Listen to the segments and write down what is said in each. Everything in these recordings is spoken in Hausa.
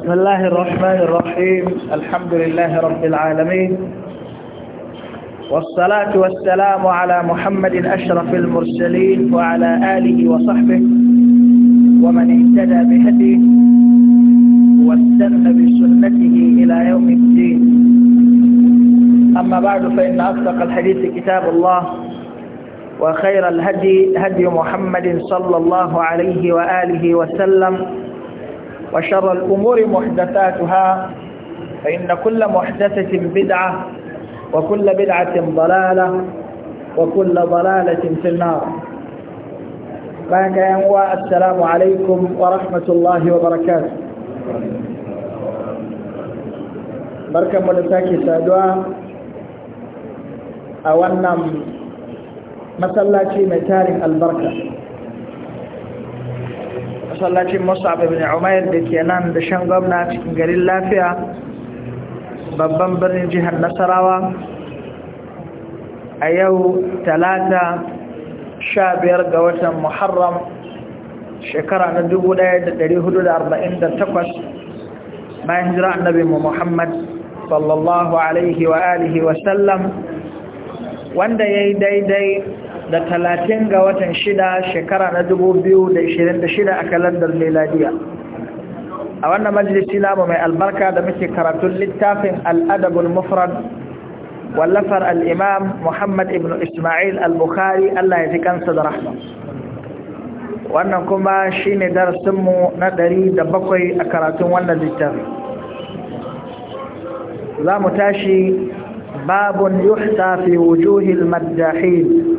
بسم الله الرحمن الرحيم الحمد لله رب العالمين والصلاة والسلام على محمد أشرف المرسلين وعلى آله وصحبه ومن اهتدى بهديه واستنى بسنته إلى يوم الدين أما بعد فإن أصدق الحديث كتاب الله وخير الهدي هدي محمد صلى الله عليه وآله وسلم وشر الأمور محدثاتها فإن كل محدثة بدعة وكل بدعة ضلالة وكل ضلالة في النار بارك ينوى السلام عليكم ورحمة الله وبركاته بركة ملتاك سادوا أولنا مسلاتي متارك البركة masallacin masu ibn umair da ke nan da shan gwamna cikin garin lafiya babban birnin jihar nasarawa a yau talata sha biyar ga watan muharram shekara na dubu ɗaya da da da hudu arba'in takwas bayan jira annabi mu muhammad sallallahu alaihi wa alihi wasallam wanda ya yi daidai da talatin ga watan shida shekara na dubu biyu da ishirin da shida a kalandar meladiya a wannan majalisi namu mai albarka da muke karatun littafin al'adabul mufrad wallafar al'imam muhammad ibn ismail al-bukhari allah ya fi kansa da rahma wannan kuma shi ne darasinmu na ɗari da bakwai a karatun wannan littafi za mu tashi babun yuhta fi wujuhil maddahin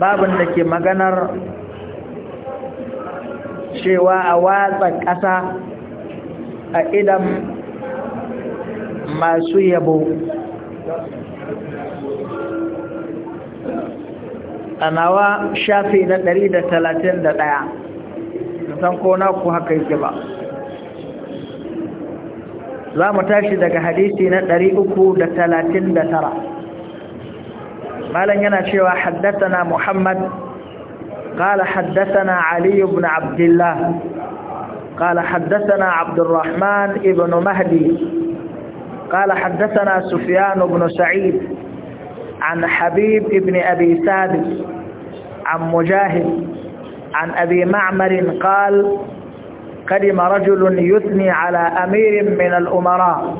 babin da ke maganar cewa a watsa ƙasa a idan masu yabo a nawa shafi na ɗari da da ɗaya, san ko ku haka yake ba za mu tashi daga hadisi na ɗari uku da da tara. مالا ينا شوى حدثنا محمد قال حدثنا علي بن عبد الله قال حدثنا عبد الرحمن ابن مهدي قال حدثنا سفيان بن سعيد عن حبيب ابن أبي ثابت عن مجاهد عن أبي معمر قال قدم رجل يثني على أمير من الأمراء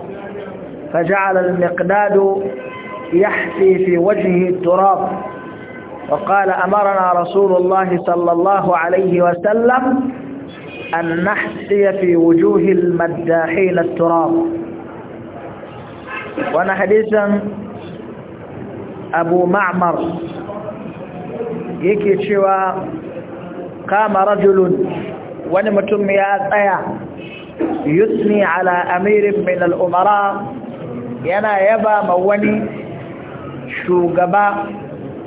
فجعل المقداد يحفي في وجهه التراب وقال أمرنا رسول الله صلى الله عليه وسلم أن نحسي في وجوه المداحين التراب وانا حديثا أبو معمر يكي شوى قام رجل ونمتم يا ya يثني على أمير من الأمراء ينا يبا موني shugaba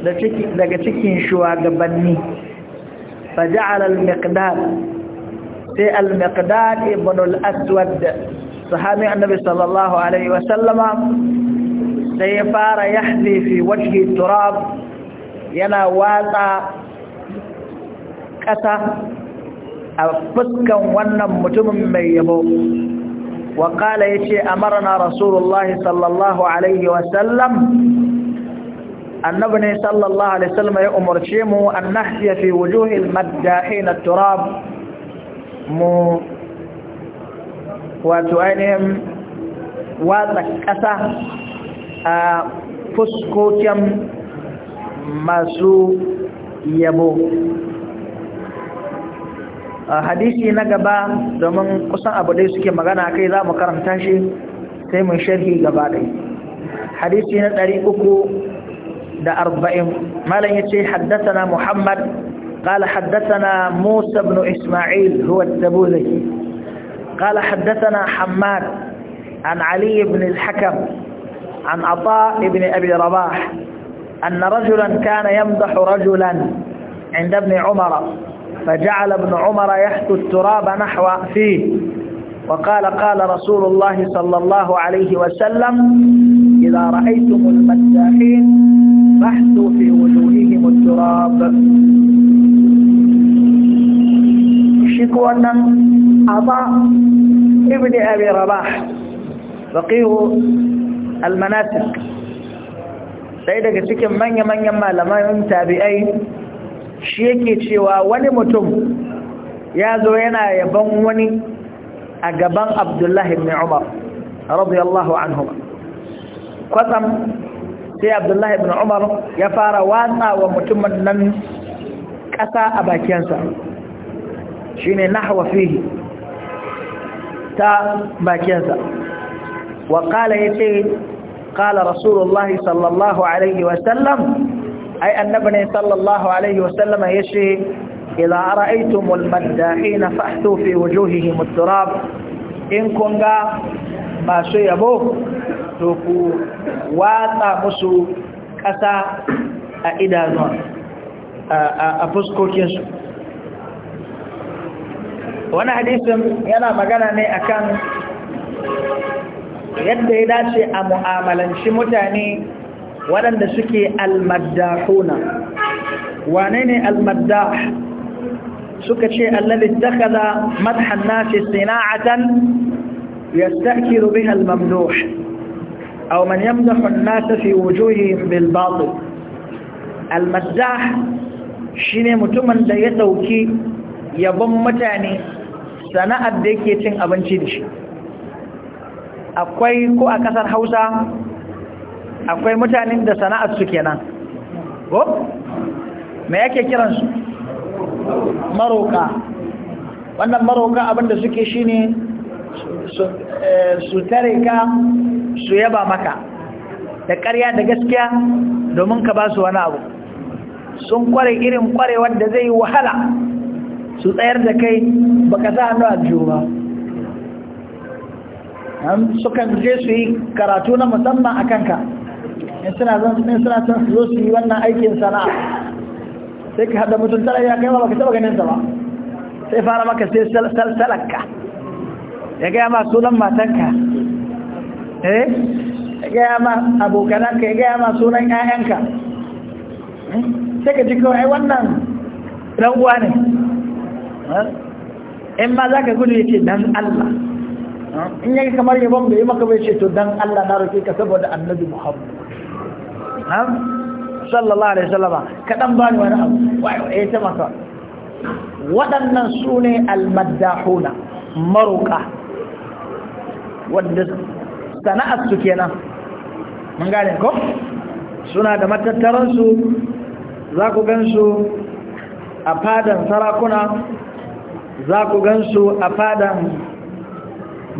daga cikin shugabanni fa al-miqdad sai al-miqdad ibn al-aswad sahabi annabi sallallahu alaihi wa sallama sai fara yahdi fi wajhi turab yana watsa kasa a fuskan wannan mutumin mai yabo wa qala yace amarna rasulullahi sallallahu alaihi wa sallam annabi ne sallallahu alaihi wasallam ya umarce mu an nahya fi wujuhil madahin at-turab mu wato ainihin watsa ƙasa a fuskokin masu yabo hadisi na gaba domin kusan abu dai suke magana kai za mu karanta shi sai mun sharhi gaba ɗai hadisi na ɗari uku دا أربعين ما لن يتشي حدثنا محمد قال حدثنا موسى بن إسماعيل هو التبوذي قال حدثنا حماد عن علي بن الحكم عن عطاء بن أبي رباح أن رجلا كان يمدح رجلا عند ابن عمر فجعل ابن عمر يحثو التراب نحو فيه وقال قال رسول الله صلى الله عليه وسلم إذا رأيتم المداحين البحث في وجوههم التراب شكوانا عطاء ابن أبي رباح فقيه المناسك سيدة كتك من يمن يما لما ينتابئين شيكي شوا ونمتم ya zo yana yaban wani a gaban abdullahi ibn umar radiyallahu anhu kwatsam sai abdullahi ibn umar ya fara watsa wa mutumin nan ƙasa a bakinsa shi ne nahwa fihi ta bakinsa wa ƙala ya ce ƙala rasulullahi sallallahu alaihi wasallam ai annabi ne sallallahu alaihi wasallam ya ce إذا رأيتم المداحين فأحتوا في وجوههم التراب إن كنغا ما سيبوه to ku watsa musu ƙasa a idanuwa a fuskokinsu wani hadisin yana magana ne akan yadda ya dace a mu'amalanci mutane waɗanda suke almaddahuna wane ne almaddah suka ce allabi takaza madhan nasi sina'atan yastakiru biha almamduh أو من يمدح الناس في وجوههم بالباطل المساح shine mutumin da ya dauki yabon mutane sana'ar da yake cin abinci da shi akwai ko a kasar Hausa akwai mutanen da sana'ar su kenan ko me yake kiran su maroka wannan maroka abinda suke shine Eh, su tare ka su yaba maka da ƙarya da gaskiya domin ka ba su wani abu sun kware irin kware wanda zai wahala su tsayar da kai ba ka sa hannu a ba sukan je su yi karatu na musamman a kanka in suna son su zo su yi wannan aikin sana'a sai ka haɗa mutuntar ya kai ba baka taɓa sa ba sai fara maka sai salakka ya gaya ma sunan matanka eh ya gaya ma abokananka ya gaya ma sunan ƴaƴanka eh? sai ka ji kawai wannan ɗan uwa ne eh? in ma za ka gudu ya ce dan Allah eh? in yake kamar yabon bai yi maka bai ce to dan Allah na roƙe ka saboda annabi Muhammad sallallahu alaihi wasallama ka dan bani wani abu wai eh ta maka waɗannan sune almaddahuna maruka wanda sana'ar su kenan mun gane ko suna da matattaransu za ku gansu a fadan sarakuna za ku gansu a fadan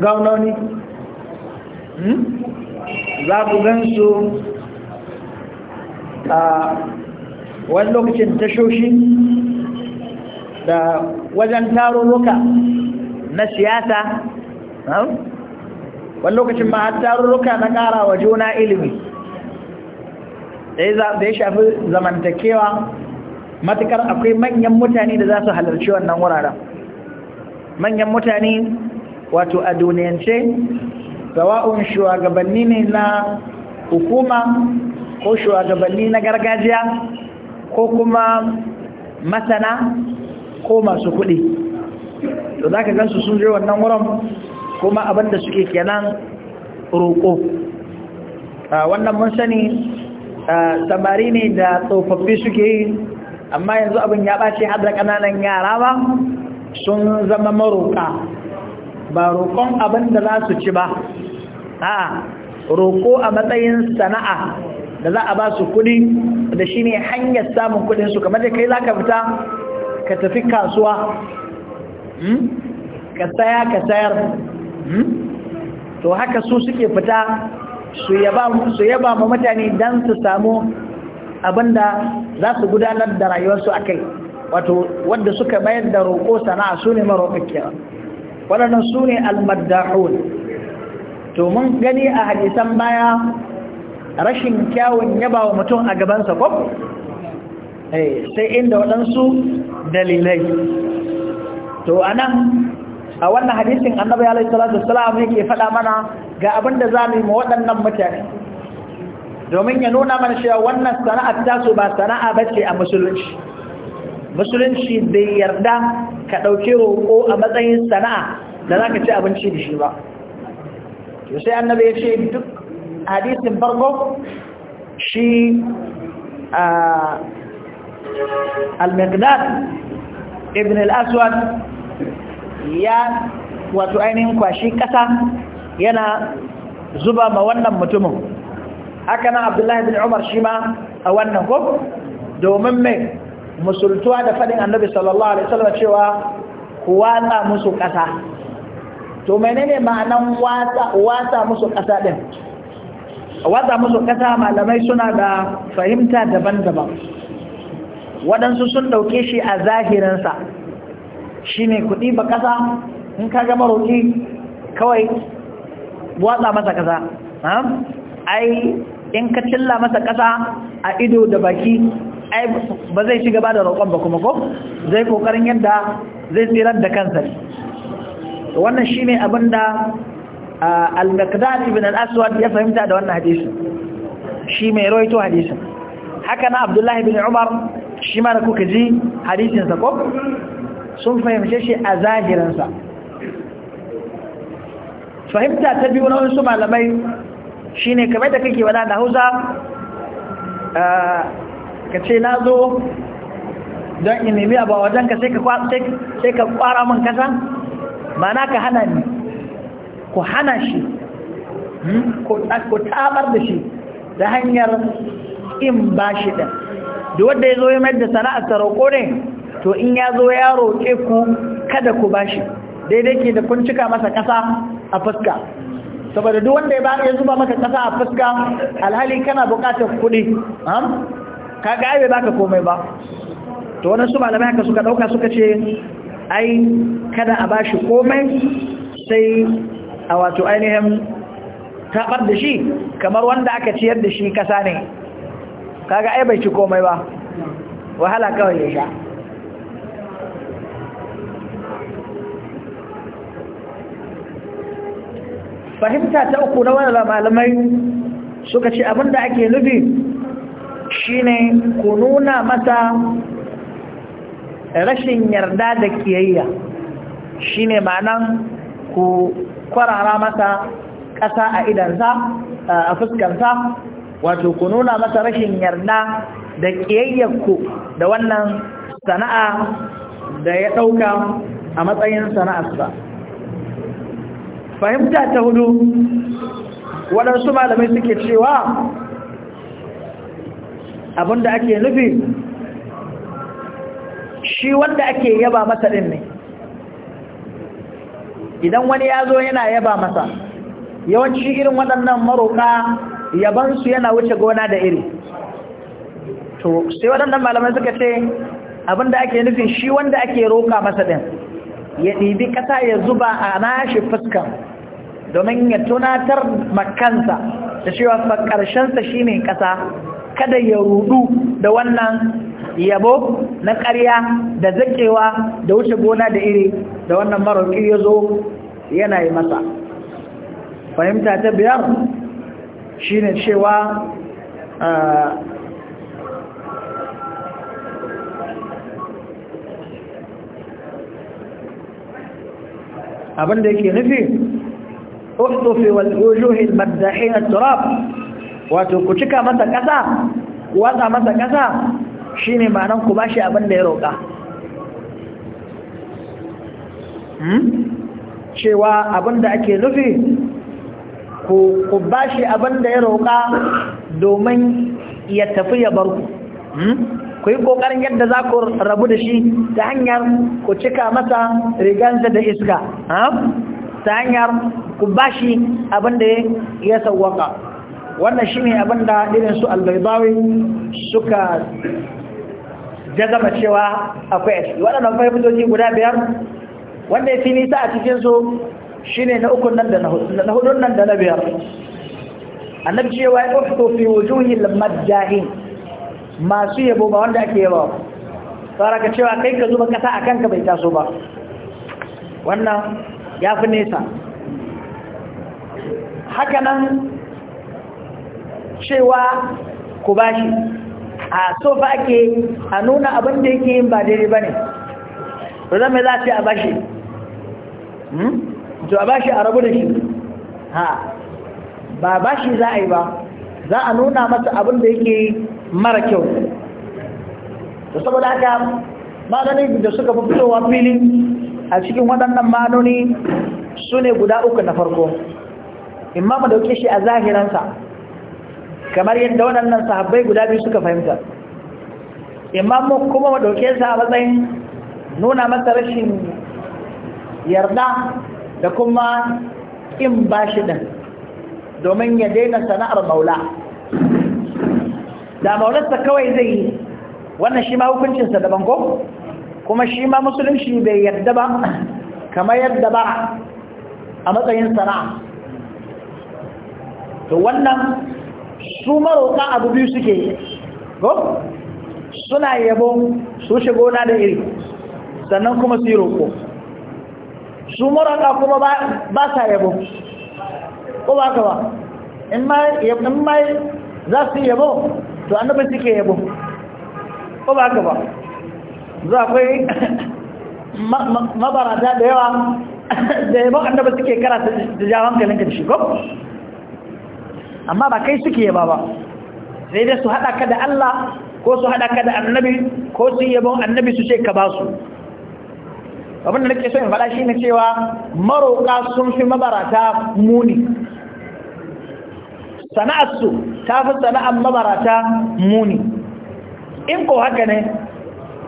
gaunoni hmm? za ku gansu a wani lokacin tashoshi da wajen tarurruka na siyasa wani lokacin ma har tarurruka na ƙara wa juna ilimi da ya shafi zamantakewa matukar akwai manyan mutane da za su halarci wannan wuraren manyan mutane wato a duniyance sawa'un shugabanni ne na hukuma ko shugabanni na gargajiya ko kuma masana ko masu kuɗi to za ka gansu sun je wannan wurin kuma da suke kenan roƙo wannan mun sani samari ne da tsofaffi suke yi amma yanzu abin ya ɓace har ƙananan yara ba sun zama maroƙa ba roƙon abin da za su ci ba a roƙo a matsayin sana'a da za a ba su kuɗi da shi ne hanyar samun kuɗinsu kamar da kai za ka fita ka tafi kasuwa hmm? ka saya ka sayar to haka su suke fita su yaba ma mutane dan su samu abinda za su gudanar da rayuwarsu a kai wato wadda suka mayar da roƙo sana'a su ne maroƙaƙiya waɗannan su ne almaddahun to mun gani a hadisan baya rashin kyawun yaba wa mutum a gabansa ko eh, sai inda waɗansu dalilai to anan a wannan hadisin annabi alaihi salatu wassalam yake faɗa mana ga abinda da zamu yi ma waɗannan mutane domin ya nuna mana cewa wannan sana'a sana'ar su ba sana'a bace a musulunci musulunci bai yarda ka ɗauki roƙo a matsayin sana'a da za ka ci abinci da shi ba to sai annabi ya ce duk hadisin farko shi al-miqdad ibn al-aswad ya wato ainihin kwashi ƙasa yana zuba ma wannan mutumin haka na abdullahi bin umar shi ma a wannan ko domin mai musultuwa da faɗin annabi sallallahu alaihi wasallam cewa ku watsa musu ƙasa to menene ma'anan watsa musu ƙasa ɗin watsa musu ƙasa malamai suna da fahimta daban-daban waɗansu sun ɗauke shi a zahirinsa ne kuɗi ba ƙasa in ka gama roƙi kawai watsa masa ƙasa ai in ka cilla masa ƙasa a ido da baki ai ba zai shiga ba da roƙon ba kuma ko zai ƙoƙarin yadda zai tsirar da kansa wannan shi abin da al-miqdad bin al-aswad ya fahimta da wannan hadisi shi mai rawaito hadisin haka na abdullahi bin umar shi ma da kuka ji hadisin sa ko sun fahimce shi a zahirinsa fahimta ta biyu na wasu malamai shi ne kamar da kake wada da hausa eh, ka ce na zo don in nemi a bawajen ka sai ka kwara min kasa ba na ka hana ni ku hana shi hmm, ku tabar da shi da hanyar in ba shi da wadda ya zo yi mai da sana'ar roƙo ne to in ya zo ya roƙe ku kada ku bashi daidai ke da kun cika masa ƙasa a fuska saboda duk wanda ya zuba maka ƙasa a fuska alhali kana buƙatar kuɗi ka ga ba baka komai ba to wani su malamai haka suka ɗauka suka ce ai kada a bashi komai sai a wato ainihin taɓar da shi kamar wanda aka ciyar da shi ƙasa ne kaga ai bai ci komai ba wahala kawai ya sha fahimta ta uku na wanda malamai suka ce abinda ake nufi shine ku nuna masa rashin yarda da kiyayya shine ma'anan ku kwarara masa ƙasa a idansa a fuskansa wato ku nuna masa rashin yarda da ƙiyayyarku da wannan sana'a da ya ɗauka a matsayin sana'arsa fahimta ta hudu waɗansu malamai suke cewa abinda ake nufi shi wanda ake yaba masa ɗin ne idan wani ya zo yana yaba masa yawanci irin waɗannan maroƙa yabansu yana wuce gona da iri to sai waɗannan malamai suka ce abinda ake nufin shi wanda ake roƙa masa ɗin ya ɗibi ƙasa ya zuba a nashi fuskan domin ya tunatar makansa da cewa ƙarshensa shi ne ƙasa kada ya rudu da wannan yabo na ƙarya da zakewa da wuce gona da iri da wannan maroƙi ya zo yana yi masa fahimta ta biyar shi ne cewa abinda yake nufi uhtufi wal wujuhi al maddahin al turab wato ku cika masa kasa watsa masa kasa shine ma'anan ku bashi abin da ya roƙa. cewa abin da ake nufi ku ku bashi abin da ya roƙa domin ya tafi ya bar ku ku yi kokarin yadda za ku rabu da shi ta hanyar ku cika masa rigansa da iska ta hanyar ku bashi abin da ya sauwaka wannan ne abin da irin su albaibawi suka jazama cewa akwai ashi ciki waɗannan fahimtoci guda biyar wanda ya fi nisa a cikinsu ne na ukun nan da na hudun nan da na biyar annab cewa ya ɗauko fi wujuhin majjahin masu yabo ba wanda ake yaba tsara ka cewa kai ka zuba kasa a kanka bai taso ba wannan ya fi nesa hakanan cewa ku bashi a so fa ake a nuna abin da yake yin ba daidai ba ne rozan mai za su yi a bashi hmm? to a bashi a rabu da shi ha ba bashi za a yi ba za a nuna masa abin da yake mara kyau da saboda haka maganin da suka fi fitowa filin a cikin waɗannan manoni su ne guda uku na farko imma mu dauke shi a zahiransa kamar yadda waɗannan sahabbai guda biyu suka fahimta imma mu kuma mu dauke sa a matsayin nuna masa rashin yarda da kuma in ba shi ɗin domin ya daina sana'ar maula da maularsa kawai zai yi wannan shi ma hukuncinsa daban ko kuma shi ma musulunci bai yarda ba kamar yadda ba a matsayin sana'a to wannan su maroƙa abu biyu suke ko suna yabo su shigo na da iri sannan kuma su yi roƙo su maroƙa kuma ba sa yabo ko ba ka ba in ma za su yabo to annabin suke yabo ko ba ka ba za akwai mabarata da yawa da yabon annaba suke karata da hankalin kalinka da shi ko amma ba kai suke yaba ba sai dai su haɗa ka da Allah ko su haɗa ka da annabi ko su yabon annabi su ce ka ba su da nake so in faɗa shi ne cewa maroƙa sun fi mabarata muni sana'arsu ta fi sana'ar mabarata muni in ko haka ne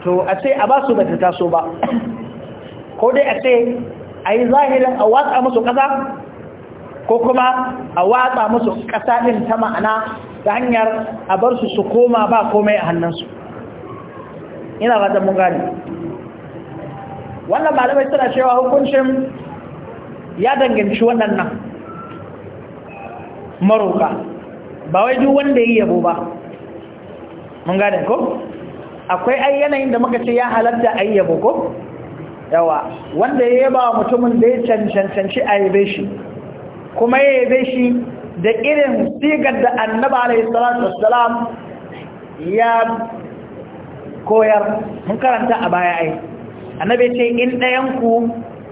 to a ce a ba su ta taso ba ko dai a ce a yi zahirin a watsa musu ƙasa ko kuma a watsa musu ƙasa ɗin ta ma'ana ta hanyar a bar su su koma ba komai a hannunsu ina ba mun gane wannan malamai suna cewa hukuncin ya danganci wannan nan maroka ba wai duk wanda yi yabo ba mun gane ko akwai ai yanayin da muka ce ya halatta ai yabo ko yawa wanda ya yaba mutumin da ya cancanci a yabe shi kuma ya yabe shi da irin sigar da annaba alaihi salatu wassalam ya koyar mun karanta a baya ai annabi ce in ɗayan ku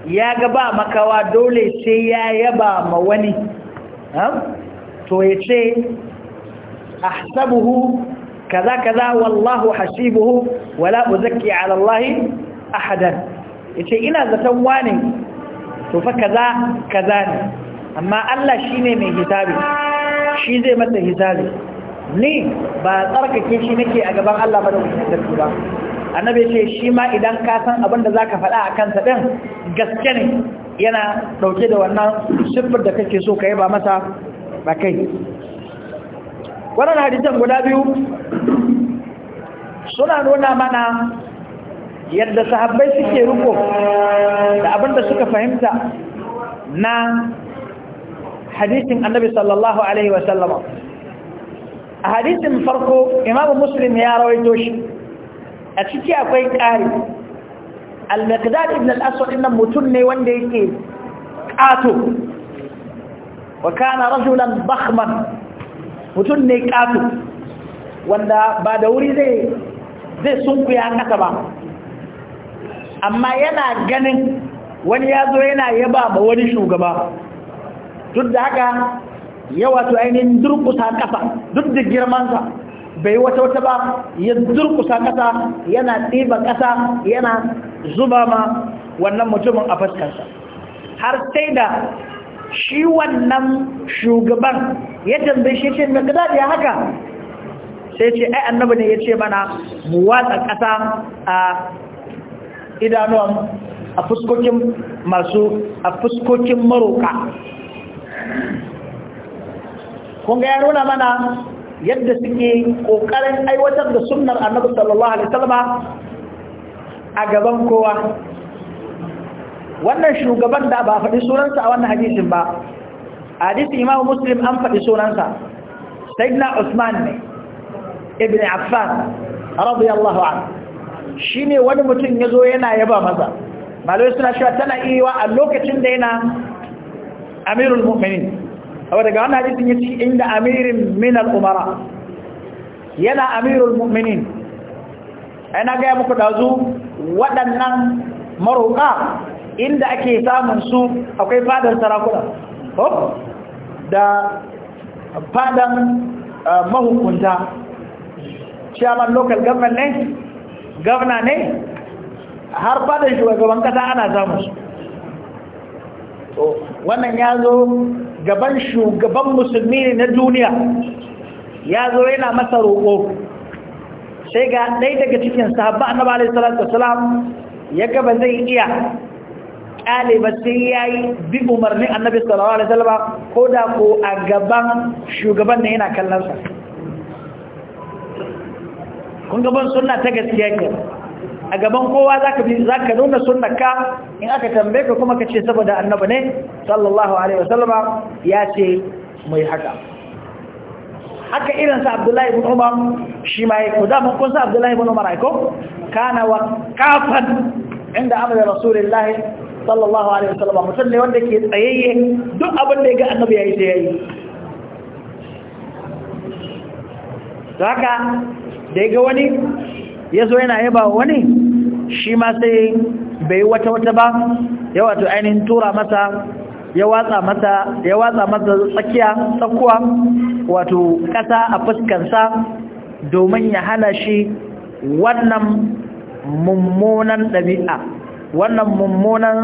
ya ga ba makawa dole sai ya yaba ma wani to ya ce ahsabuhu kaza kaza wallahu hasibuhu wala uzakki ala allahi ahadan yace ina zaton wani to kaza kaza ne amma Allah shine mai hisabi shi zai mata hisabi ni ba tsarkake shi nake a gaban Allah ba da wannan ba annabi shi ma idan ka san abin da zaka faɗa a kansa din gaske ne yana ɗauke da wannan siffar da kake so ka yaba masa ba kai wannan hadisan guda biyu suna nuna mana yadda sahabbai suke riko da abinda suka fahimta na hadisin annabi sallallahu alaihi wasallama a hadisin farko imamu muslim ya rawaito shi a ciki akwai ƙari al-maqdad ibn al-aswad innan mutum ne wanda yake ƙato wa kana rajulan bakhman mutum ne kafin wanda ba da wuri zai sunkuya kasa ba amma yana ganin wani ya zo yana yaba ba wani shugaba duk da haka yawa su ainihin durkusa kasa duk da girmansa bai wata wata ba ya durkusa kasa yana ɗiba kasa yana zuba ma wannan mutumin a fuskarsa har sai da shi wannan shugaban ya bai shi ce mai kaza ya haka sai ce ai annabi ne ya ce mana mu watsa ƙasa a idanuwan a fuskokin masu a fuskokin maroka kun ga ya nuna mana yadda suke ƙoƙarin aiwatar da sunnar annabi sallallahu alaihi wasallama a gaban kowa wannan shugaban da ba faɗi sunansa a wannan hadisin ba hadisi imam muslim an faɗi sunansa sayyidina usman ne ibn affan radiyallahu anhu shine wani mutum yazo yana yaba masa malai suna cewa tana iya a lokacin da yana amirul mu'minin saboda ga wannan hadisin yace inda amirin min al umara yana amirul mu'minin ana ga muku dazu waɗannan maroƙa inda ake samun su akwai fadar sarakuna da fadan eh, mahukunta chairman local government ne governor ne har fadan shugaban kasa ana samu to wannan yazo gaban shugaban musulmi na duniya ya zo yana masa roƙo sai ga ɗaya daga cikin sahabba annabi alaihi wasallam ya gaba zai iya kyale ba sai yi bi umarnin annabi sallallahu alaihi wasallam ko da ko a gaban shugaban da yana kallon sa kun gaban sunna ta gaskiya ke a gaban kowa zaka bi zaka nuna ka in aka tambaye ka kuma ce saboda annabi ne sallallahu alaihi wasallam ya ce mai haka haka irin sa Abdullahi ibn Umar shi ma yake da mun kun sa Abdullahi ibn Umar ai ko kana kafan inda amara rasulullahi sallallahu alaihi wasallam mutum ne wanda ke tsayayye duk abin da ya ga annabi yayi sai yayi to haka da ya ga wani ya yana yaba wani shi ma sai bai wata wata ba ya wato ainihin tura masa ya watsa masa ya watsa masa tsakiya tsakuwa wato kasa a fuskansa domin ya hana shi wannan mummunan ɗabi'a wannan mummunan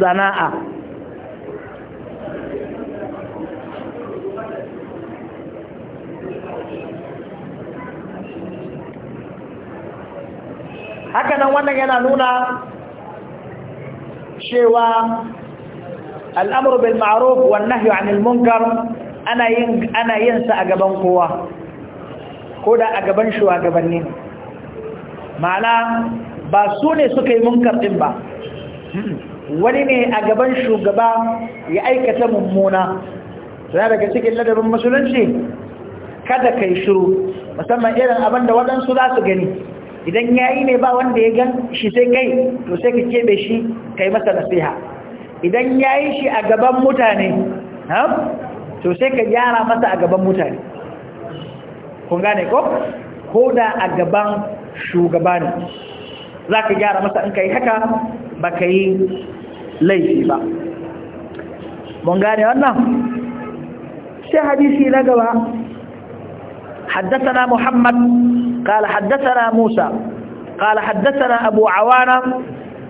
sana'a hakanan wannan yana nuna cewa al'amuru bil ma'ruf wan nahyu 'anil munkar ana yin ana yin sa a gaban kowa ko da a gaban shugabanni ma'ana ba su ne suka yi munkar din ba wani ne a gaban shugaba ya aikata mummuna suna daga cikin ladabin musulunci kada kai shiru musamman irin abin da waɗansu za su gani idan ya yi ne ba wanda ya gan shi sai kai to sai ka keɓe shi kai masa nasiha idan ya yi shi a gaban mutane to sai ka gyara masa a gaban mutane kun gane ko ko da a gaban shugaba ne zaka gyara masa in kai haka ba ka yi laifi ba mun gane wannan sai hadisi na gaba حدثنا محمد قال حدثنا موسى قال حدثنا أبو عوانة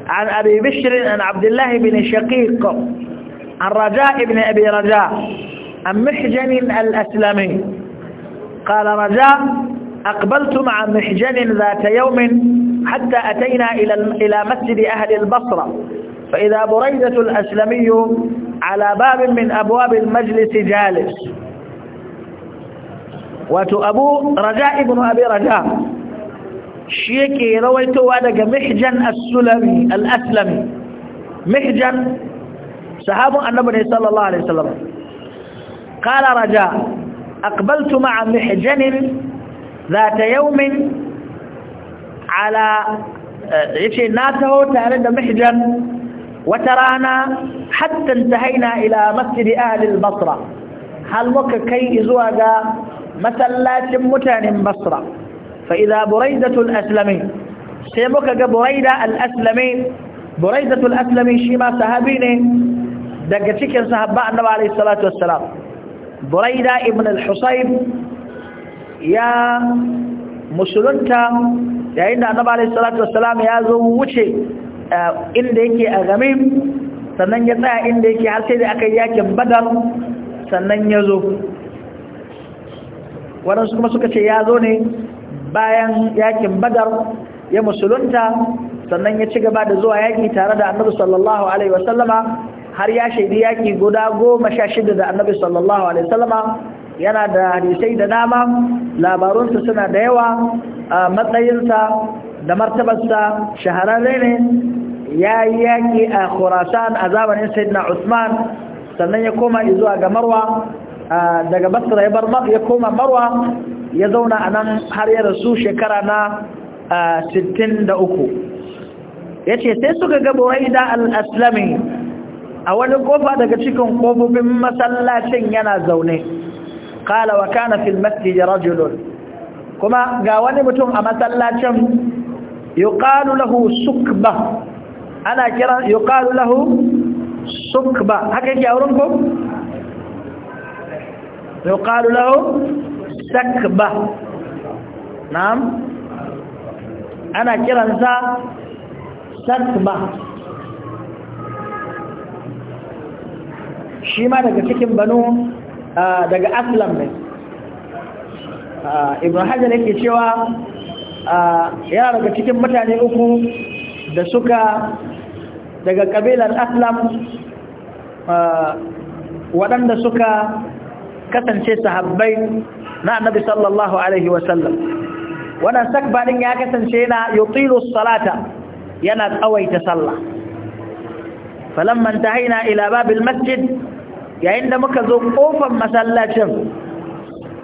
عن أبي بشر عن عبد الله بن شقيق عن رجاء بن أبي رجاء عن محجن الأسلمي قال رجاء أقبلت مع محجن ذات يوم حتى أتينا إلى مسجد أهل البصرة فإذا بريدة الأسلمي على باب من أبواب المجلس جالس وتأبو رجاء بن أبي رجاء شيكي رويت وادق محجن السلمي الأسلمي محجن سهاب النبني صلى الله عليه وسلم قال رجاء أقبلت مع محجن ذات يوم على آه، يشي ناته تعرض محجن وترانا حتى انتهينا إلى مسجد أهل البصرة هل وك كي إزواجا مسلات متان بصرة فإذا بريدة الأسلمي سيبك بريدة الأسلمي بريدة الأسلمي شما صحابيني دقتك صحابة النبي عليه الصلاة والسلام بريدة ابن الحصيب ya musulunta yayin da annabi alaihi salatu ya zo wuce eh, inda yake a game sannan ya tsaya inda yake har sai da aka yake yakin badar sannan ya zo waɗansu kuma suka ce ya zo ne bayan yakin badar ya musulunta sannan ya ci gaba da zuwa yaki tare da annabi sallallahu alaihi wasallama har ya shaidi yaki guda goma sha shida da annabi sallallahu alaihi wasallama yana da hadisai da dama labarunsa suna da yawa a matsayinsa da martabarsa shahararre ne ya yi yaƙi a khurasan a zamanin sayyidina usman sannan ya koma zuwa ga marwa daga basra ya bar ya koma marwa ya zauna a nan har ya rasu shekara na 63 ya ce sai suka ga buraida al al'aslami a wani kofa daga cikin kofofin masallacin yana zaune qala wa kana fil masjid rajulun kuma ga wani mutum a masallacin yuqalu lahu sukba ana kira yuqalu lahu sukba haka yake auren ko yuqalu lahu sakba na'am ana kiransa sakba shi ma daga cikin banu daga aslam ne ibn hajar yake cewa yana daga cikin mutane uku da suka daga kabilar aslam waɗanda suka kasance sahabbai na annabi sallallahu alaihi wasallam wannan sakba din ya kasance yana yutilu salata yana tsawaita sallah falamma tahina ila babil masjid yayin da muka zo kofar masallacin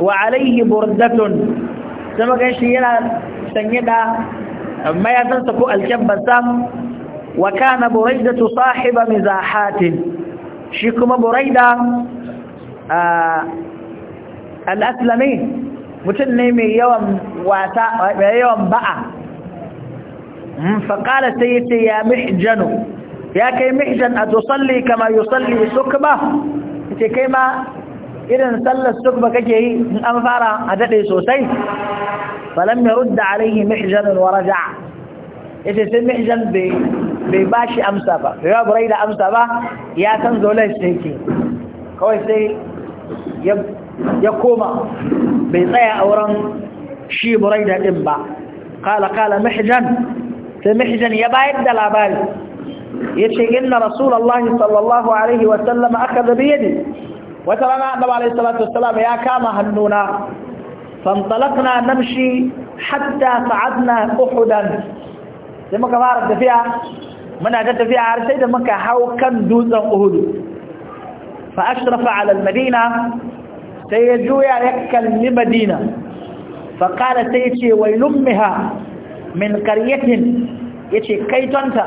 wa alaihi burdatun sai muka shi yana sanye da mayatansa ko alkyabbansa wa kana buraidatu sahiba mizahatin shi kuma buraida al-aslami mutum ne mai yawan wata mai yawan ba'a faƙala sai ya ce ya mihjanu ya kai mihjan a tusalli kama yusalli sukba ce kai ma irin sallar sukba kake yi in an fara a daɗe sosai falam ya rudda alaihi mihjanun wa raja yace sai mihjan bai bai bashi amsa ba ya burai da amsa ba ya san zolan shi kawai sai ya koma bai tsaya a wurin shi burai da din ba kala kala mihjan sai mihjan ya bayar da labari يشي إن رسول الله صلى الله عليه وسلم أخذ بيدي وترنا أنه عليه الصلاة والسلام يا كاما هنونا فانطلقنا نمشي حتى صعدنا أحدا لما ما أردت فيها من أجدت فيها عرسيدة مكة هاو كان دوزا أهد فأشرف على المدينة سيجويا يكل لمدينة فقال سيتي ويلمها من قرية يتي كيتونتا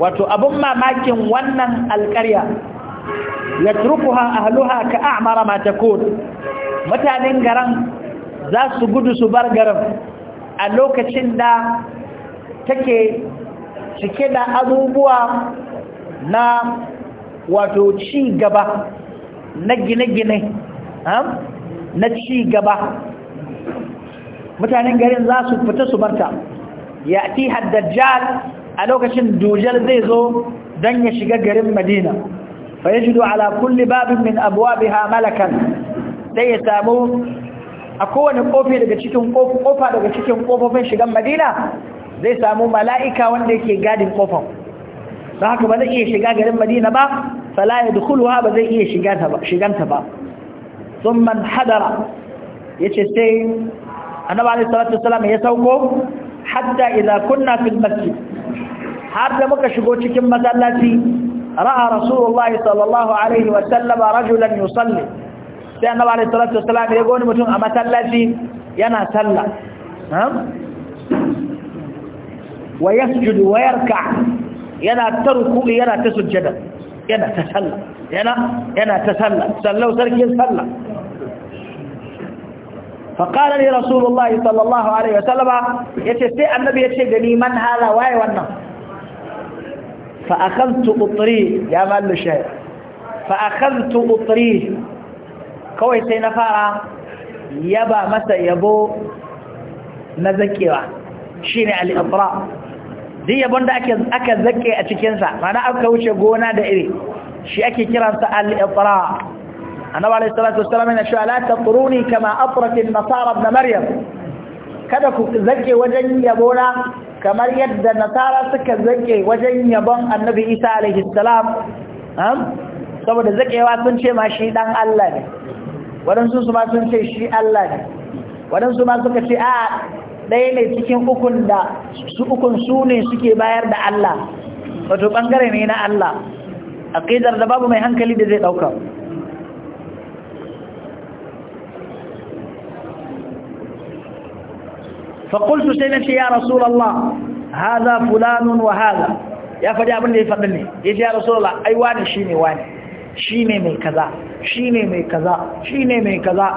wato abun mamakin wannan alƙarya ya a haluha ka a'mara ma takun mutanen garan za su gudu su bar garin a lokacin da take cike da abubuwa na wato ci gaba na gine-gine na mutanen garin za su fita su barta ya ti haddajjal a lokacin dujal zai zo dan ya shiga garin madina fa yajidu ala kulli babin min abwabiha malakan sai ya samu a kowane kofi daga cikin kofa daga cikin kofofin shigan madina zai samu mala'ika wanda yake gadin kofar don haka ba zai iya shiga garin madina ba fala ya dukuluwa ba zai iya shiganta ba sun man hadara ya ce sai annaba alaihi salatu ya sauko hatta idza kunna fil masjid har da muka shigo cikin masallaci ra'a rasulullahi sallallahu alaihi wa sallama rajulan yusalli sai annabi alaihi salatu wassalam ya goni mutum a masallaci yana sallah wa yasjudu wa yarka yana tarku yana ta sujjada yana ta sallah yana yana ta sallah sallau sarkin sallah faƙarar yi rasulullahi sallallahu alaihi wasallama ya ce sai annabi yace ce gani man hala waye wannan fa'akantu ƙuturi ya mallu shayar fa'akantu ƙuturi kawai sai na fara yaba masa yabo na zakewa shi ne al'afra duk da aka zake a cikinsa mana aka wuce gona da iri shi ake kiransa al'afra annabi alayhi salatu wassalam yana cewa la taquruni kama afratin nasara ibn maryam kada ku zake wajen yabo na kamar yadda nasara suka zake wajen yabon annabi isa alayhi salam saboda zakewa sun ce ma shi dan Allah ne wadansu su ma sun ce shi Allah ne wadansu ma suka ce a ɗaya ne cikin ukun da su ukun su ne suke bayar da Allah wato bangare ne na Allah aƙidar da babu mai hankali da zai ɗauka فقلت سينتي يا رسول الله هذا فلان وهذا يا فدي ابن دي فدني يجي يا رسول الله اي واني شيني واني شيني مي كذا شيني مي كذا شيني مي كذا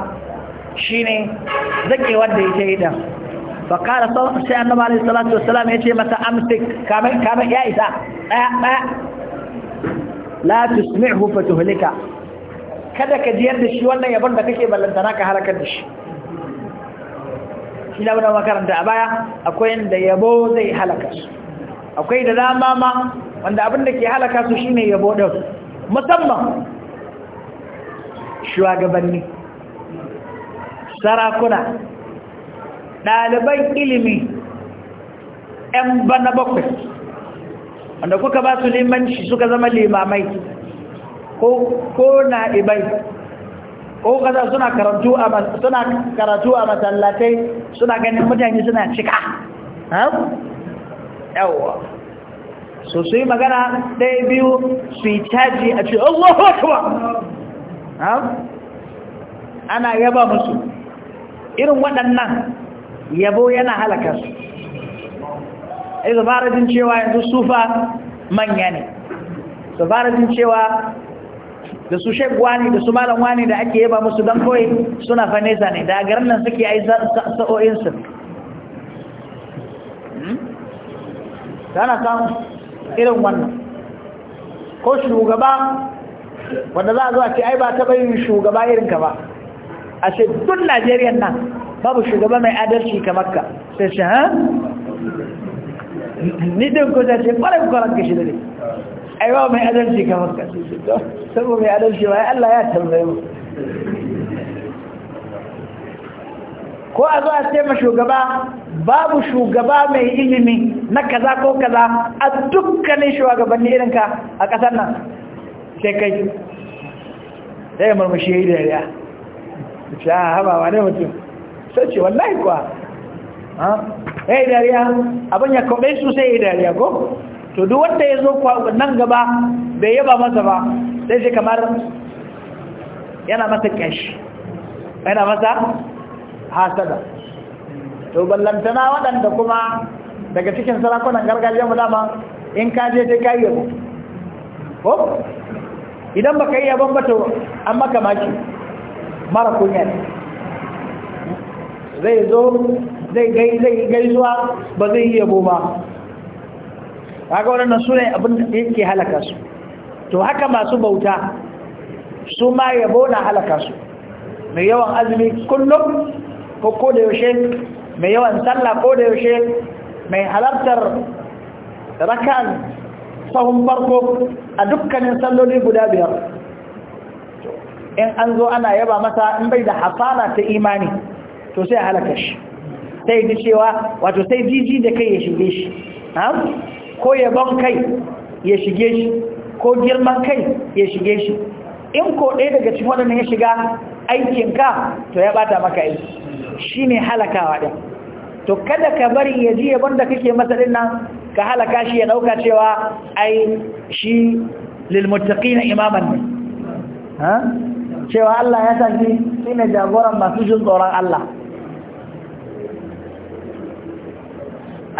شيني زكي ودا يجي يدا فقال صلى الله عليه الصلاه والسلام يجي متى امسك كامل كامل يا اذا لا تسمعه فتهلكه kada ka ji yadda shi wannan yabon da kake ballantana ka halakar da shi shi labuna makaranta a baya akwai yadda yabo zai halaka su akwai da dama ma wanda abin da ke halaka su shine yabo ɗau musamman shugabanni sarakuna ɗaliban ilimi ‘yan bana bakwai wanda kuka ba su limanci suka zama limamai ko na ibai? ko kaza suna karatu a suna karatu a masallatai suna ganin mutane suna cika ha yawa so sai yi magana ɗaya biyu su yi caji a ce Allahu akbar ha ana yaba musu irin waɗannan yabo yana halaka su ai zabarin cewa yanzu sufa manya ne zabarin cewa da su shek wani da su malam wani da ake yaba musu dan kawai suna fa nesa ne da garin nan suke ai sa'o'in su tana kan irin wannan ko shugaba wanda za a zo a ce ai ba taɓa yin shugaba irin ka ba a ce duk najeriyan nan babu shugaba mai adalci kamar ka sai shi ha ni din ko sai ce kwarai kwarai ka da ne aiwa mai adalci kamar ka saboda mai adalci ba Allah ya tambaye mu ko a zo a ce ma shugaba babu shugaba mai ilimi na kaza ko kaza a dukkanin shugabanni irinka a ƙasar nan sai kai sai ya murmushi ya yi da yariya a ah, haɓa wa ne mutum sai ce wallahi kuwa ya yi dariya abin ya kome su sai ya yi dariya ko to duk wanda ya zo nan gaba bai yaba masa ba sai shi kamar yana masa kashi yana masa hasada to ballantana waɗanda kuma daga cikin sarakunan gargajiyar mu dama in ka je sai ka yi yabo ko idan baka yi yabon ba to an maka maki mara kunya ne zai zo zai gai zai gaisuwa ba zai yi yabo ba kaga wannan su ne abin da yake halaka su to haka masu bauta su ma yabo na halaka su mai yawan azumi kullum ko ko yaushe mai yawan sallah ko da yaushe mai halartar raka'an sahun farko a dukkanin salloli guda biyar in an zo ana yaba masa in bai da hasana ta imani to sai halaka shi sai ji cewa wato sai jiji da kai ya shige shi ko yabon kai ya shige shi ko girman kai ya shige shi in ko ɗaya daga cikin waɗannan ya shiga aikinka to ya bata maka aiki shi ne halakawa ɗin to kada ka bari ya ji yabon da kake masa ɗin nan ka halaka shi ya ɗauka cewa ai shi lilmuttaki na imaman ne cewa Allah ya sa shi ne jagoran masu jin tsoron Allah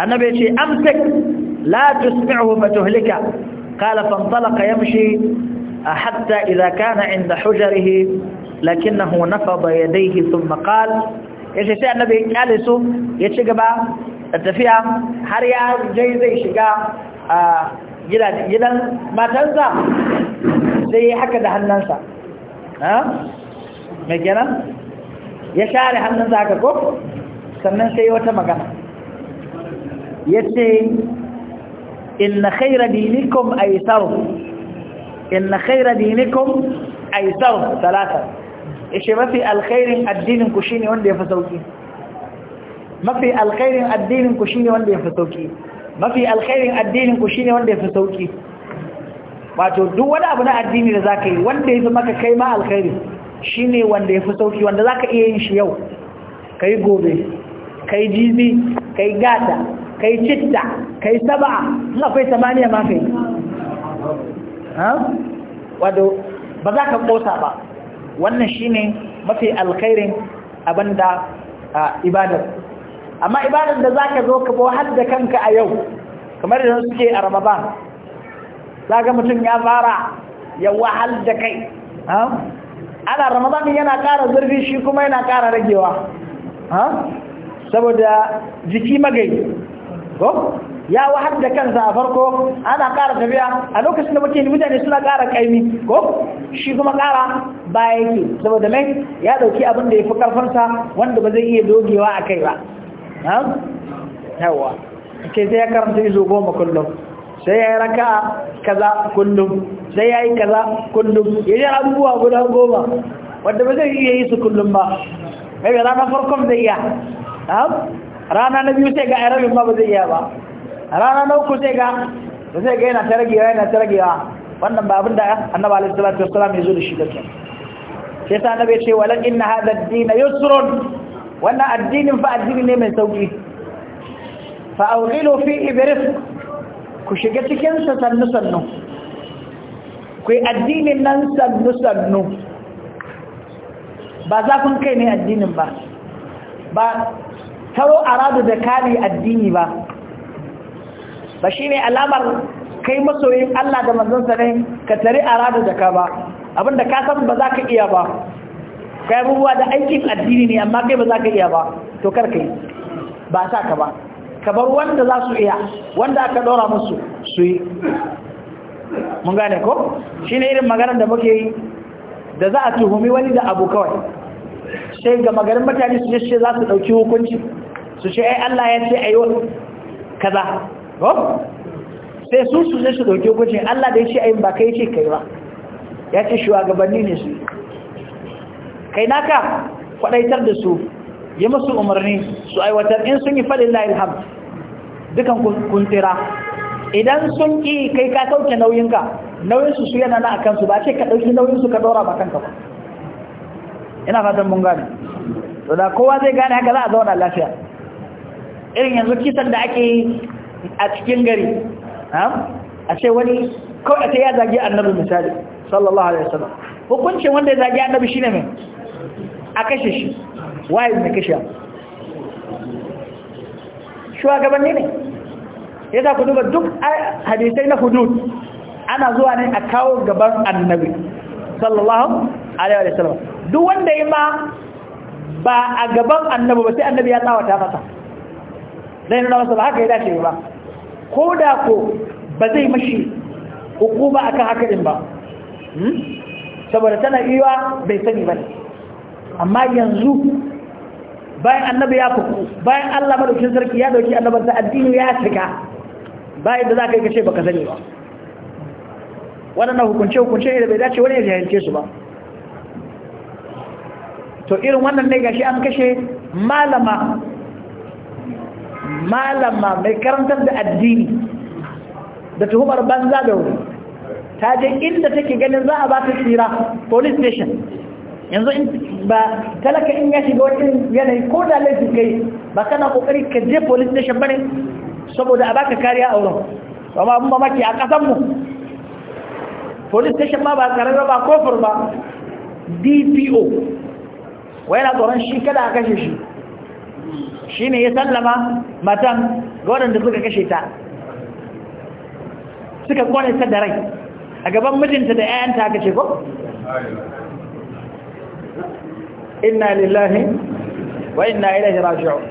النبي شيء امسك لا تسمعه فتهلك قال فانطلق يمشي حتى اذا كان عند حجره لكنه نفض يديه ثم قال ايش يا النبي قال له يشغب التفيا هريا جاي زي شغا جلال جلال ما تنسى زي حكى ده هننسى ها ما كده يا شارح هننسى كوك sannan sai wata magana yace inna khayra dinikum aysaru inna khayra dinikum aysaru talata ishe mafi alkhair addinin ku shine wanda yafi sauki mafi alkhair addinin ku shine wanda yafi sauki mafi alkhair addinin ku shine wanda yafi sauki wato duk wani abu na addini da zaka yi wanda yafi maka kai ma alkhair shine wanda yafi sauki wanda zaka iya yin shi yau kai gobe kai jibi kai gata kai citta kai saba akwai samaniya ma kai wato ba za ka kosa ba wannan shi ne mafi alkhairin abinda ibadar amma ibadar da za ka zo ka bo har da kanka a yau kamar da suke a Ramadan ga mutum ya fara ya wahal da kai ana Ramadan yana ƙara zurfi shi kuma yana ƙara ragewa saboda jiki magai ko ya wahar da kansa a farko ana ƙara tafiya a lokacin da muke ni mutane suna ƙara ƙaimi ko shi kuma ƙara baya yake saboda mai ya ɗauki abin da ya fi wanda ba zai iya dogewa a kai ba yawa ke sai ya karanta izo goma kullum sai ya yi raka kaza kullum sai ya yi kaza kullum ya yi abubuwa guda goma wanda ba zai iya yi su kullum ba mai rana farkon zai iya rana na biyu sai ga a rabin ma ba zai iya ba rana na uku sai ga da sai ga yana ta ragewa yana ta ragewa wannan ba abinda da annaba alaihi salatu wassalam ya zo da shi da sai ta annabi ce walan inna hadha ad-din yusrun wannan addinin fa addini ne mai sauki fa awghilu fi ibrif ku shiga cikin sa sannu sannu ku yi addinin nan sannu sannu ba zafin kai ne addinin ba ba taro aradu da kari addini ba ba shine alamar kai masoyin Allah da manzonsa ne ka tare aradu da ka ba abinda ka san ba za ka iya ba kai abubuwa da aikin addini ne amma kai ba za ka iya ba to kar kai ba sa ka ba ka bar wanda za su iya wanda aka ɗora musu su yi mun gane ko shine irin maganar da muke yi da za a tuhumi wani da abu kawai sai ga magarin mutane su ce za su ɗauki hukunci su ce ai Allah ya ce ayo kaza ko sai su su ce su ɗauki hukunci Allah da ya ce ayin ba kai ce kai ba ya ce shugabanni ne su kai naka kwadaitar da su yi musu umarni su aiwatar in sun yi faɗin ilham dukan kuntira idan sun ƙi kai ka sauke nauyinka nauyinsu su yana na a kansu ba ce ka ɗauki nauyinsu ka ɗora ba kanka ba ina fatan mun gane to da kowa zai gane haka za a zauna lafiya irin yanzu kisan da ake yi a cikin gari a ce wani kawai a ce ya zagi annabi misali sallallahu alaihi wasallam hukuncin wanda ya zagi annabi shine mai a kashe shi waye mai kashe shugabanni ne yasa ku duba duk hadisai na hudud ana zuwa ne a kawo gaban annabi sallallahu alaihi wasallam duk wanda ya ma ba a gaban annabi ba sai annabi ya tsawata masa zai nuna masa ba haka ya dace ba ko da ko ba zai mashi hukuma akan haka din ba hmm? saboda tana iya bai sani ba amma yanzu bayan annabi ya fuku bayan Allah madaukin sarki ya dauki annabansa addini ya cika bayan da ka yi kace baka sani ba wannan hukunce hukunce ne da bai dace wani ya jahilce su ba to irin wannan ne gashi an kashe malama malama mai karantar da addini da tuhumar banza da wuri ta je inda take ganin za a ba ta tsira police station yanzu ba talaka in ya shiga wani yanayi ko da laifin kai ba kana kokari ka je police station bane saboda a baka kariya a wurin amma mun mamaki a kasanmu police station ma ba kararra ba kofar ba dpo wai yana tsoron shi kada a kashe shi shi ne ya sallama matan ga waɗanda suka kashe ta suka kone ta da rai a gaban mijinta da 'ya'yanta aka ce ko? inna lillahi wa inna ilaihi raji'un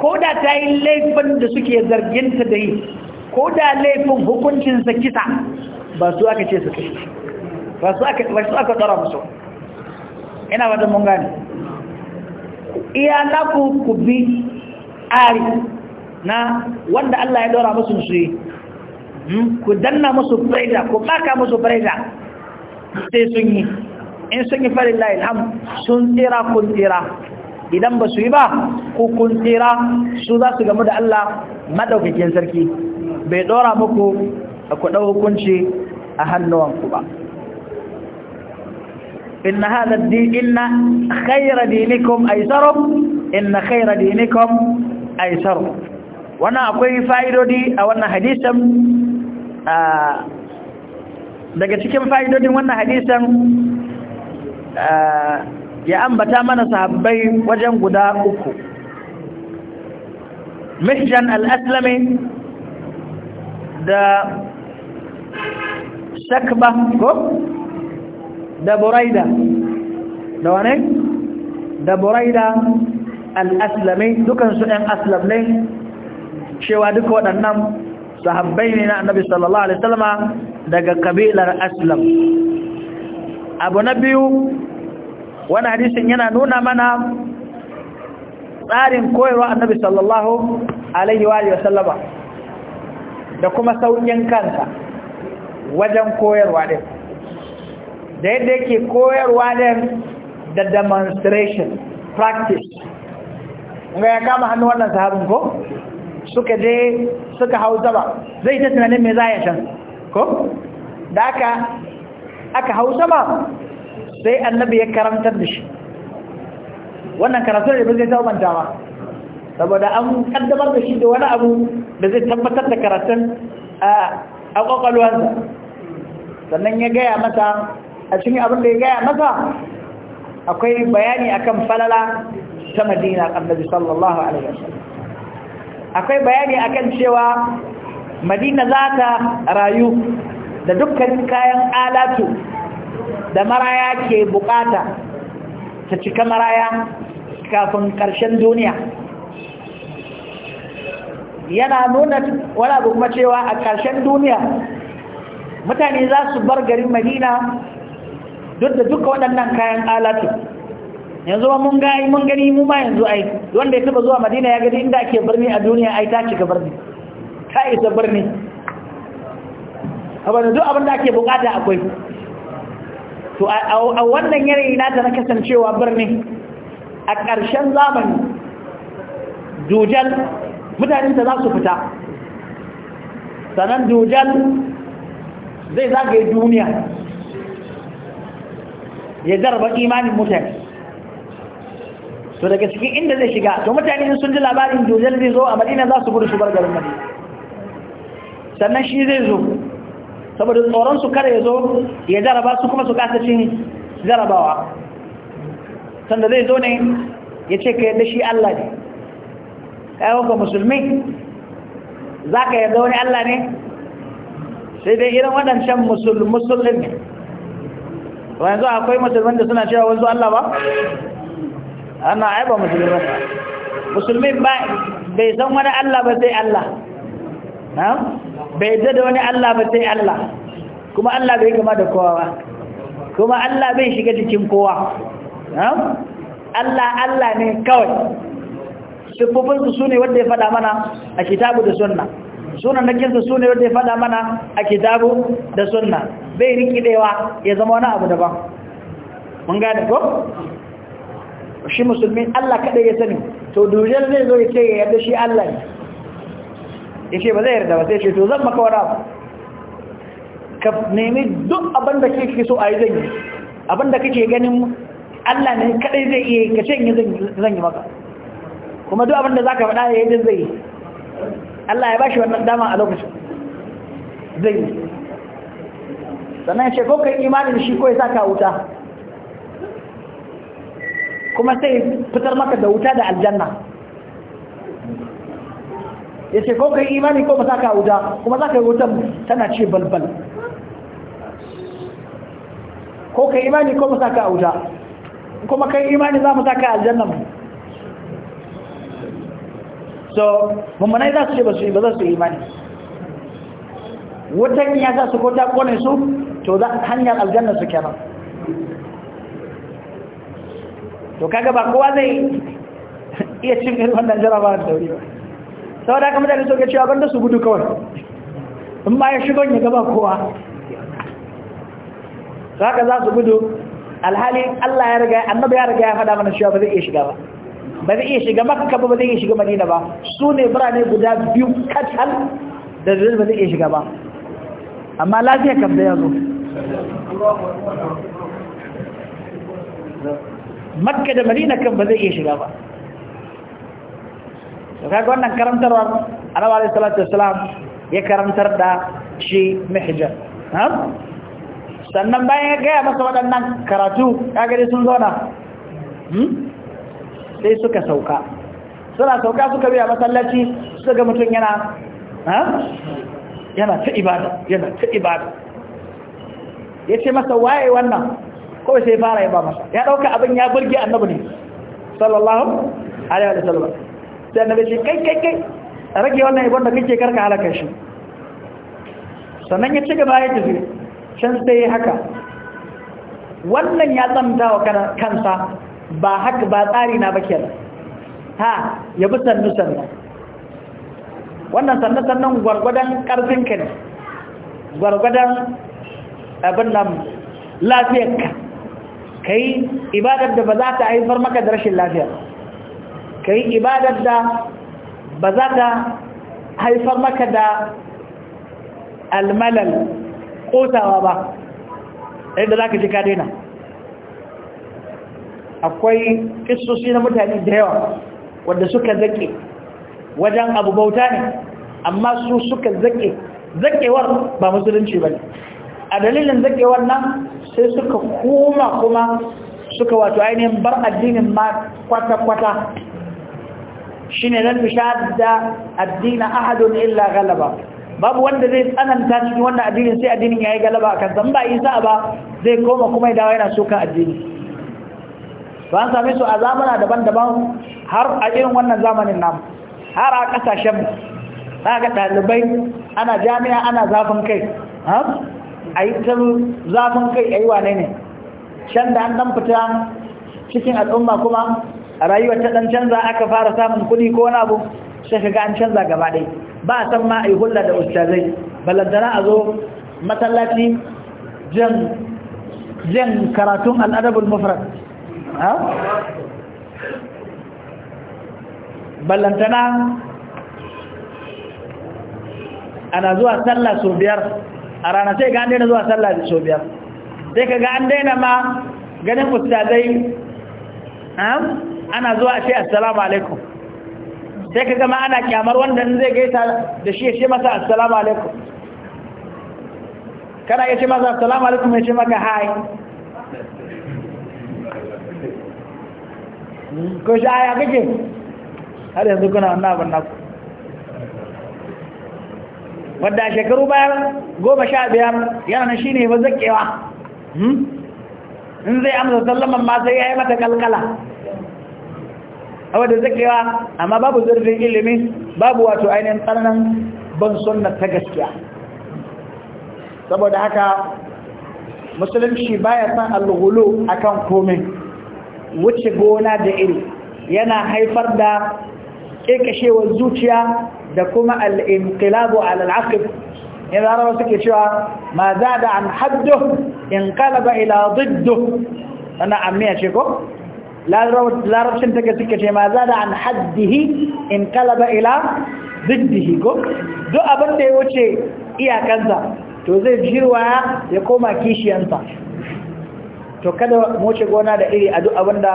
ko da ta yi laifin da suke zarginta da yi ko da laifin hukuncinsa kisa ba su aka ce su kashe ba su aka tsara musu ina wata mun gane iya na ku ku bi ari na wanda Allah ya dora musu su yi hmm? ku danna musu faida ku baka musu faida sai sun yi in sun yi farin layi ham sun tsira kun tsira idan ba su yi ba ku kun tsira su za su gamu da Allah madaukakin sarki bai dora muku ku ɗau hukunci a hannuwanku ba إن هذا الدين إن خير دينكم أيسركم إن خير دينكم أيسركم وانا أقول فائدودي أو أن حديثا daga cikin fa'idodin wannan hadisan ya ambata mana sahabbai wajen guda uku mihjan al-aslami da shakba ko da buraida da wane da buraida al-aslami dukansu ɗan aslam ne cewa duka waɗannan sahabbai ne na annabi sallallahu alaihi wasallama daga kabilar aslam abu na biyu wani hadisin yana nuna mana tsarin koyarwa annabi sallallahu alaihi wa sallama da kuma saukin kansa wajen koyarwa ɗin. da yadda yake koyarwa din da demonstration practice ga ya kama hannu wannan sahabin ko suka je suka hau zaba zai ta tunanin me za ya can ko da aka aka hau sama sai annabi ya karantar da shi wannan karatun da ba zai taubanta ba saboda an kaddamar da shi da wani abu da zai tabbatar da karatun a kwakwalwansa sannan ya gaya mata a cikin abin da ya gaya maka akwai bayani akan falala ta madina annabi sallallahu alaihi wasallam akwai bayani akan cewa madina za ta rayu da dukkan kayan alatu da maraya ke bukata ta cika maraya kafin karshen duniya yana nuna wala kuma cewa a karshen duniya mutane za su bar garin madina duk da duka waɗannan kayan alatu yanzu ba mun gani mun gani mu ma yanzu ai wanda ya taba zuwa madina ya gani inda ake birni a duniya ai ta cika birni ta isa birni A da duk abin da ake bukata akwai to a wannan yanayi ta na kasancewa birni a ƙarshen zamani dujal mutanen ta za su fita sannan dujal zai zagaye duniya ya zarba imanin mutane to daga cikin inda zai shiga to mutane sun ji labarin dojel zai zo a madina za su gudu su bar garin madina sannan shi zai zo saboda tsoron su kare ya zo ya zaraba su kuma su kasa cin jarabawa sanda zai zo ne ya ce ka yadda shi Allah ne kayan ka musulmi za ka yadda wani Allah ne sai dai irin waɗancan musulmin ne to yanzu akwai musulman da suna cewa wanzu Allah ba ana aiba musulman musulmi ba bai san wani Allah ba sai Allah na bai da wani Allah ba sai Allah kuma Allah bai gama da kowa ba kuma Allah bai shiga cikin kowa na Allah Allah ne kawai siffofinsu su ne wanda ya faɗa mana a kitabu da sunna sunan da kinsa sune wanda ya faɗa mana a kitabu da sunna bai rikidewa ya zama wani abu daban mun gane ko shi musulmi Allah kaɗai ya sani to dujal zai zo ya ce ya yarda shi Allah ne ya ce ba zai yarda ba sai ce to zan maka wani abu ka nemi duk abin da kake so a yi zan yi abin da kake ganin Allah ne kada zai iya ka ce zan yi maka kuma duk abin da za ka faɗa ya yi zai yi Allah ya bashi wannan dama a lokacin zai yi sannan ce ko kai imanin shi ko ya saka wuta kuma sai fitar maka da wuta da aljanna ya ce ko kai imanin ko ba saka wuta kuma za ka yi wutan tana ce balbal ko kai imani ko ba saka wuta kuma kai imani za mu saka aljanna mu so mummunai za su ce ba su yi ba za su yi imani wata ya za su ko ta kone su to za hanyar aljanna su kenan to kaga ba kowa zai iya cin irin wannan a sauri ba saboda haka mutane soke cewa banda su gudu kawai in ba ya shigo ya gaba kowa to haka za su gudu alhali Allah ya riga annabi ya riga ya fada mana cewa ba zai iya shiga ba ba zai iya shiga makka ba ba zai iya shiga madina ba su ne birane guda biyu katal da zai ba zai iya shiga ba amma lafiya kam da yazo makka da madina kan ba zai iya shiga ba da kaga wannan karantarwa annabi alaihi salatu wassalam ya karantar da shi mihja ha sannan bayan ya gaya masa waɗannan karatu kaga dai sun zauna hmm? sai suka sauka suna sauka suka biya masallaci suka ga mutum yana yana ta ibada yana ta ibada ya ce masa waye wannan kawai sai fara ba masa ya ɗauka abin ya burge annabi ne sallallahu alaihi wa sallam sai annabi ce kai kai kai rage wannan ibon da kake karka halaka shi sannan ya ci gaba ya tafi can sai haka wannan ya tsamta wa kansa ba haka ba tsari na ba kenan ha ya bi sannu sannu wannan sannu sannan gwargwadon ka ne gwargwadon abin nan lafiyarka ka yi ibadar da ba za ta haifar maka da rashin lafiya ka yi ibadar da ba za ta haifar maka da almalal kotawa ba inda za ka ji ka daina akwai kissoshi na mutane da yawa wanda suka zake wajen abu bauta ne amma su suka zake zakewar ba musulunci ba ne a dalilin zakewar nan sai suka koma kuma suka wato ainihin bar addinin ma kwata-kwata shi ne nan da addina ahadun illa galaba babu wanda zai tsananta cikin wannan addinin sai addinin ya yi galaba a kan zamba isa ba zai koma kuma ya dawa yana sukan addini to an same su a zamana daban-daban har a irin wannan zamanin namu har a kasashen ga dalibai ana jami'a ana zafin kai a yi ta zafin kai a yi wane ne can da an dan fita cikin al'umma kuma rayuwar ta ɗan canza aka fara samun kuɗi ko wani abu sai ga an canza gaba ɗai ba a san ma a yi hulɗa da ustazai balantana a zo masallaci jan karatun al'adabul mafarar ha ballantana ana zuwa sallah sau biyar a rana sai ga an daina zuwa sallah sau biyar sai ka ga an daina ma ganin ustazai ana zuwa ce assalamu alaikum sai ka gama ana kyamar wanda zai gaita da shi ya ce masa assalamu alaikum kana ya ce masa assalamu alaikum ya ce maka hai ko shi aya kake har yanzu kuna wannan abin naku wadda shekaru bayan goma sha biyar yana shi ne ba zakewa hmm? in zai amsa sallaman ma sai ya yi mata kalkala a wadda zakewa amma babu zurfin ilimi babu wato ainihin tsananin ban sunna ta gaskiya saboda haka musulunci baya san alhulu akan komai wuce gona da iri yana haifar da kekashewar zuciya da kuma al'inƙilabu al'aƙif in larabar suke cewa ma za da an haddu in kalaba ila ziddu wannan amiya ce ko? larabcin take suke ce ma za da an haddihi in kalaba ila ziddihi ko? duk abin da ya wuce iyakansa to zai jirwa ya koma kishiyansa to kada mu wuce gona da iri a duk abinda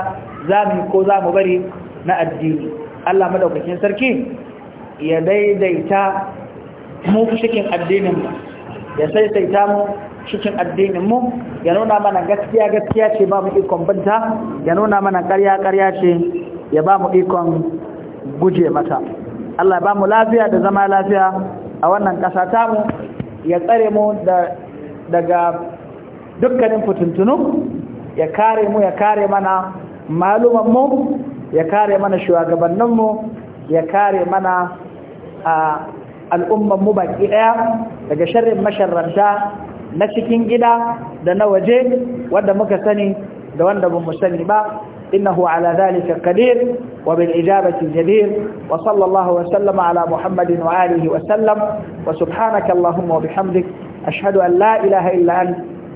za mu ko za mu bari na addini Allah madaukakin sarki ya daidaita mu cikin addinin ya saisaita mu cikin addinin mu ya nuna mana gaskiya gaskiya ce ba mu ikon banta ya nuna mana ƙarya ƙarya ce ya ba mu ikon guje mata Allah ba mu lafiya da zama lafiya a wannan ƙasa tamu ya tsare mu daga dukkanin fitintunu ya kare mu ya kare mana malumanmu ya kare mana shugabanninmu ya kare mana al'ummanmu baki ɗaya daga sharrin masharranta na cikin gida da na waje wanda muka sani da wanda ba mu sani ba إنه على ذلك قدير وبالإجابة جدير وصلى الله وسلم على محمد وآله وسلم وسبحانك اللهم وبحمدك أشهد أن لا إله إلا أنت